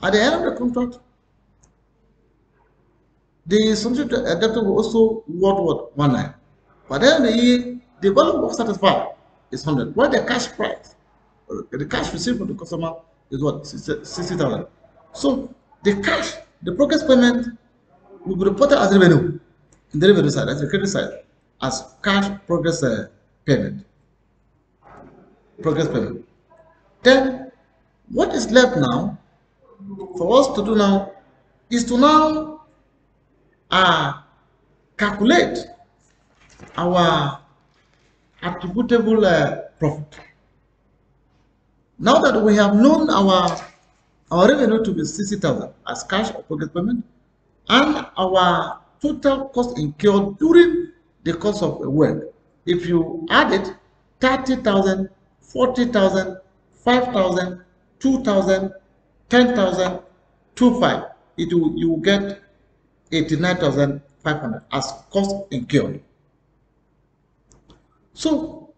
at the end of the contract, the solution to adapter was also worth what? One nine. But then the, the value of satisfied is 100. What the cash price, the cash received from the customer is what? 60,000. So the cash, the progress payment will be reported as revenue in the revenue side, as the credit side, as cash progress uh, payment. Progress payment. Then what is left now for us to do now is to now uh, calculate our attributable uh, profit. Now that we have known our our revenue to be 60,000 as cash or progress payment and our total cost incurred during the course of a work. If you added 30,000, 40,000, 5,000, 2,000, 10,000, 25, it will, you will get 89,500 as cost incurred. So,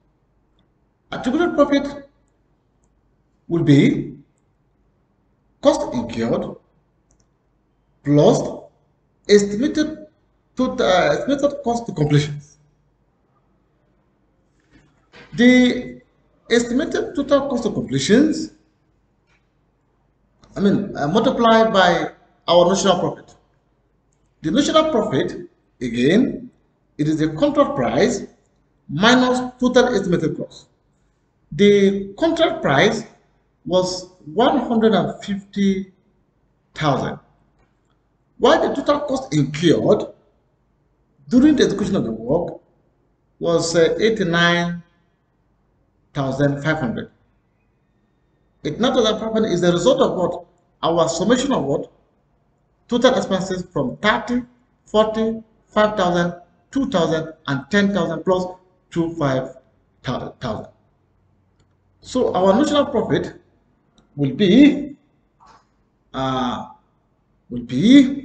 attributed profit will be cost incurred plus estimated to the estimated cost to completion. The estimated total cost of completions, I mean, uh, multiplied by our national profit. The national profit, again, it is the contract price minus total estimated cost. The contract price was 150,000. While the total cost incurred during the execution of the work was uh, 89,500. 89,500 is the result of what? Our summation of what? Total expenses from 30, 40, 5,000, 2,000 and 10,000 plus 25,000. So our national profit will be uh, will be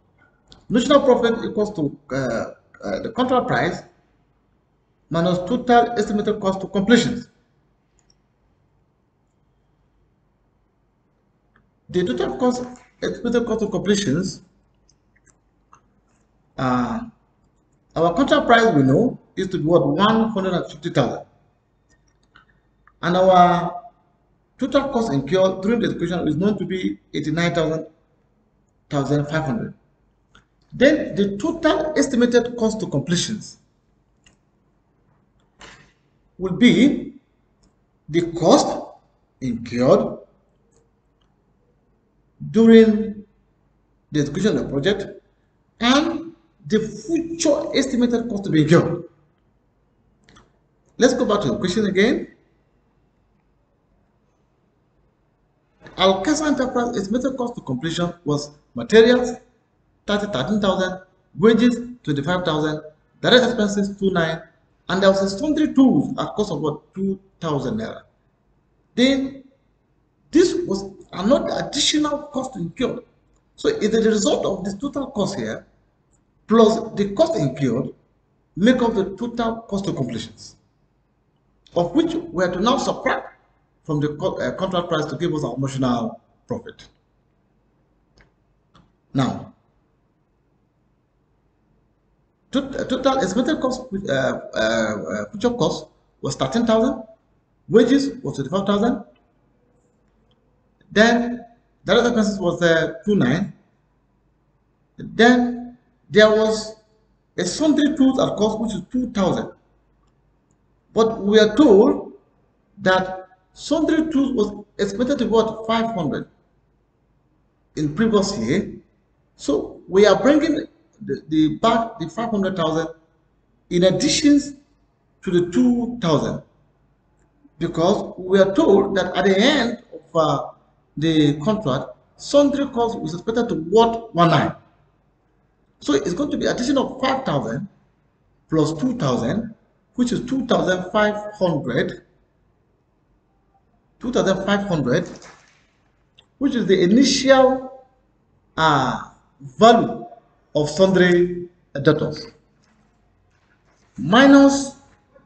Notional profit equals to uh, uh, the contract price minus total estimated cost of completions. The total cost, estimated cost of completions, uh, our contract price we know is to be what 150,000 and our total cost incurred during the execution is known to be 89,500 then the total estimated cost to completions will be the cost incurred during the execution of the project and the future estimated cost to be incurred. Let's go back to the question again. Alcasa Enterprise estimated cost to completion was materials, 13,000, wages 25,000, direct expenses 29, and there was a sundry tools at cost of what 2,000 naira. Then this was another additional cost incurred. So it is the result of this total cost here plus the cost incurred make up the total cost of completions, of which we are to now subtract from the co uh, contract price to give us our nominal profit. Now, Total uh, estimated cost, uh, uh, uh, future cost was 13,000, wages was 25,000. Then the other expenses was uh, 29. Then there was a sundry tools at cost which is 2,000. But we are told that sundry tools was expected to go at 500 in previous year. So we are bringing the, the back the 500,000 in addition to the 2,000 because we are told that at the end of uh, the contract sundry costs was expected to worth one nine so it's going to be addition of 5,000 plus 2,000 which is 2,500 2,500 which is the initial uh, value of sundry debtors. Minus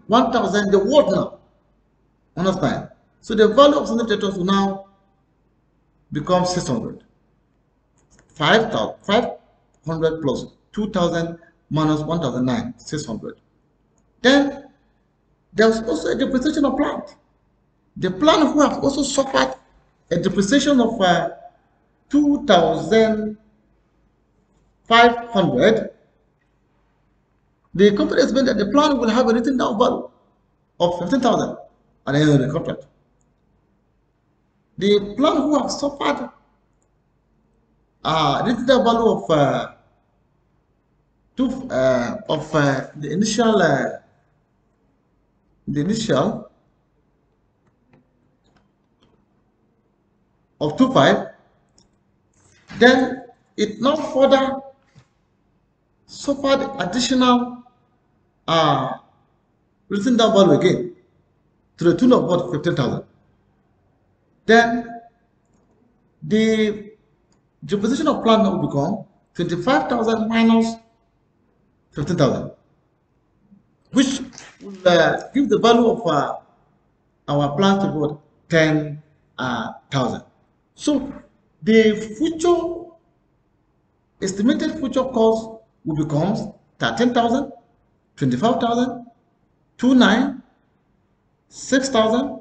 1,000, the what now? Understand? So the value of sundry debtors will now become 600. 500 plus 2,000 minus 1,009, 600. Then there was also a depreciation of plant. The plant who have also suffered a depreciation of uh, 2,000 500, the company has made that the plan will have a written down value of 15,000 at the end of the contract. The plan who have suffered a written down value of uh, two, uh, of uh, the initial uh, the initial of 2 5 then it now further suffered additional uh, written down value again to the tune of about 15,000. Then the deposition of plant will become 25,000 minus 15,000, which will uh, give the value of uh, our plant to about 10,000. so the future estimated future cost will becomes 13,000, 25,000, 29, 6,000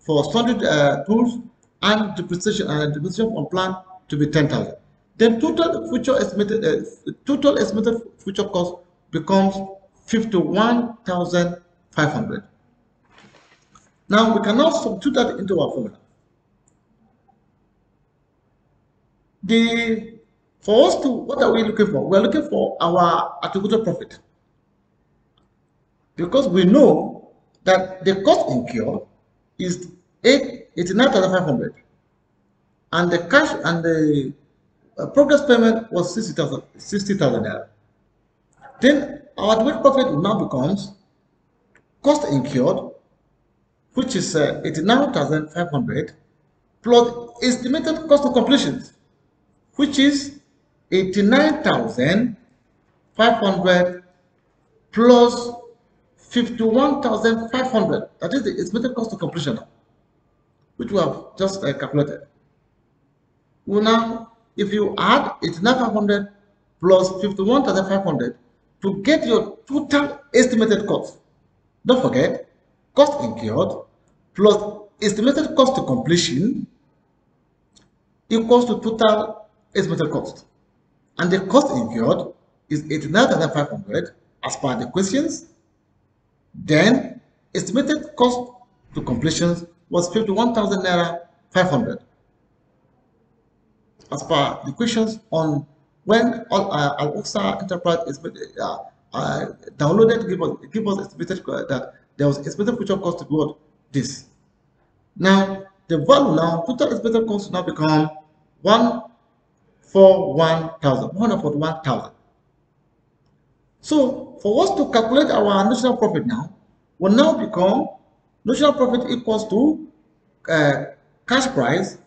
for standard uh, tools and depreciation and uh, depreciation on plant to be 10,000. Then total future estimated uh, total estimated future cost becomes 51,500. Now we cannot substitute that into our formula. The for us to, what are we looking for? We're looking for our attributable profit. Because we know that the cost incurred is 89,500 and the cash and the uh, progress payment was 60,000 60, naira. Then our direct profit now becomes cost incurred, which is uh, 89,500 plus estimated cost of completion, which is 89,500 plus 51,500. That is the estimated cost of completion, which we have just uh, calculated. Well, now, if you add 89,500 plus 51,500 to get your total estimated cost, don't forget, cost incurred plus estimated cost to completion equals to total estimated cost and the cost incurred is 89,500 as per the questions. Then estimated cost to completion was 51,500 naira 500 as per the questions on when all uh, Al Uqsa enterprise is uh, uh, downloaded, give us, give us estimated uh, that there was estimated future cost to build this. Now, the value now, total estimated cost now become one for 1,000, So for us to calculate our national profit now, will now become national profit equals to uh, cash price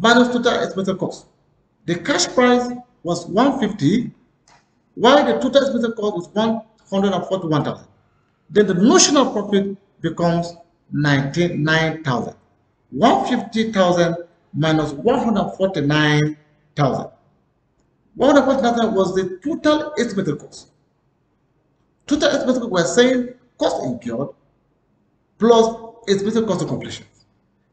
minus total expected cost. The cash price was 150, while the total expected cost was 141,000. Then the notional profit becomes 99,000. 150,000 minus 149,000. 1.9 was the total estimated cost. Total estimated cost, we're saying cost incurred plus estimated cost of completion.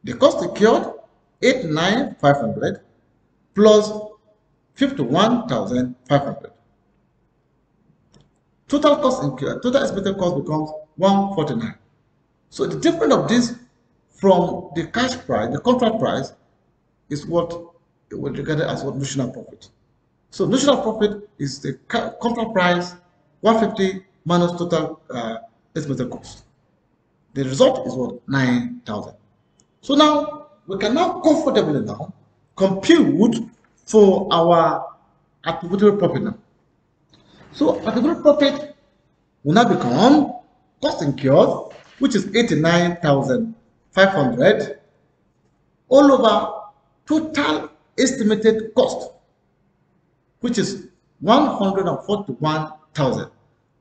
The cost incurred, 89,500 plus 51,500. Total cost incurred, total estimated cost becomes 149. So the difference of this from the cash price, the contract price, is what we regard regarded as what notional profit. So notional profit is the contract price 150 minus total uh, estimated cost. The result is what? 9,000. So now we can now comfortably now compute for our attributable profit now. So attributable profit will now become cost incurred, which is 89,500 all over total estimated cost which is 141,000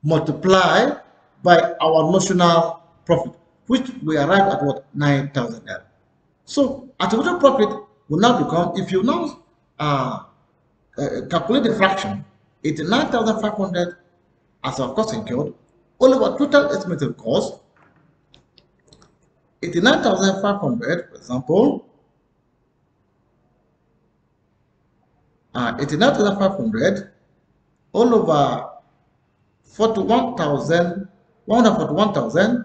multiplied by our notional profit, which we arrive at what 9,000 So, So attributable profit will now become, if you now uh, uh, calculate the fraction, 9,500 as our cost incurred, all what total estimated cost, 89,500, for example, uh, 89,500 all over 41,000 141,000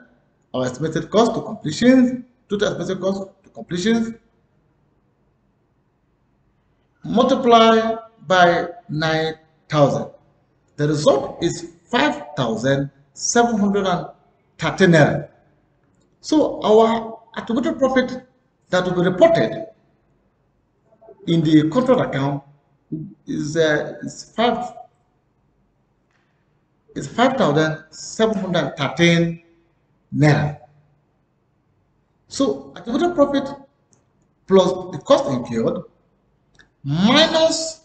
our estimated cost to completion total estimated cost to completion multiply by 9,000 the result is 5,713 naira so our attributable profit that will be reported in the contract account is, uh, five It's 5,713 naira. So attributable profit plus the cost incurred minus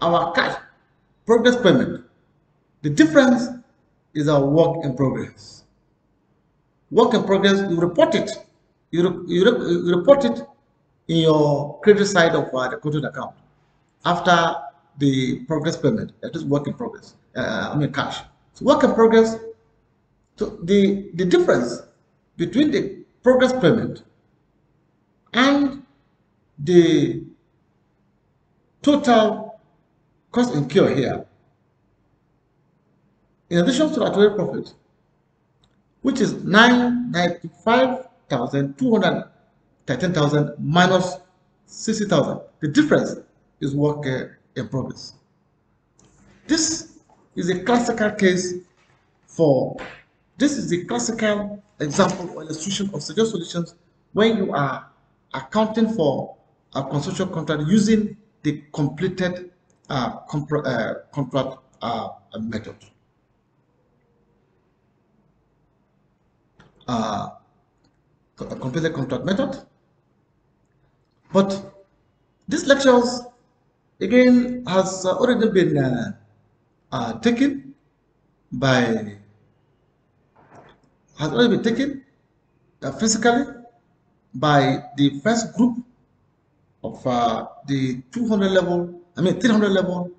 our cash progress payment. The difference is our work in progress. Work in progress, you report it. You, you, you report it in your credit side of uh, the credit account after the progress payment, that is work in progress, uh, I mean cash. So work in progress, so the, the difference between the progress payment and the total cost incurred here, in addition to the actual profit, which is 995,200 13,000 minus 60,000. The difference is work uh, in progress. This is a classical case for, this is the classical example or illustration of suggest solutions when you are accounting for a construction contract using the completed uh, uh, contract uh, method. Uh, completed contract method but these lectures, again, has uh, already been uh, uh, taken by, has already been taken uh, physically by the first group of uh, the 200 level, I mean 300 level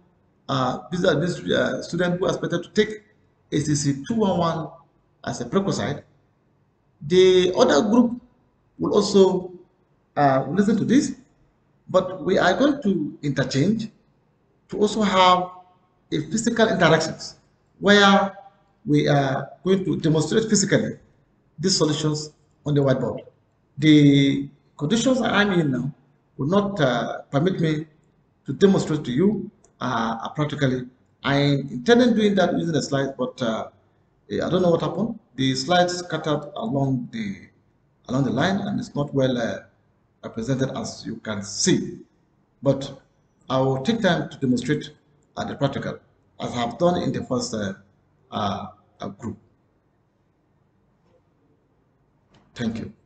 uh, business uh, student who expected to take ACC 211 as a prerequisite. The other group will also uh, listen to this, but we are going to interchange to also have a physical interactions where we are going to demonstrate physically these solutions on the whiteboard. The conditions I'm in now would not uh, permit me to demonstrate to you uh, practically. I intended doing that using the slides, but uh, I don't know what happened. The slides scattered along the along the line, and it's not well uh, are presented as you can see. But I will take time to demonstrate at the practical as I have done in the first uh, uh, group. Thank you.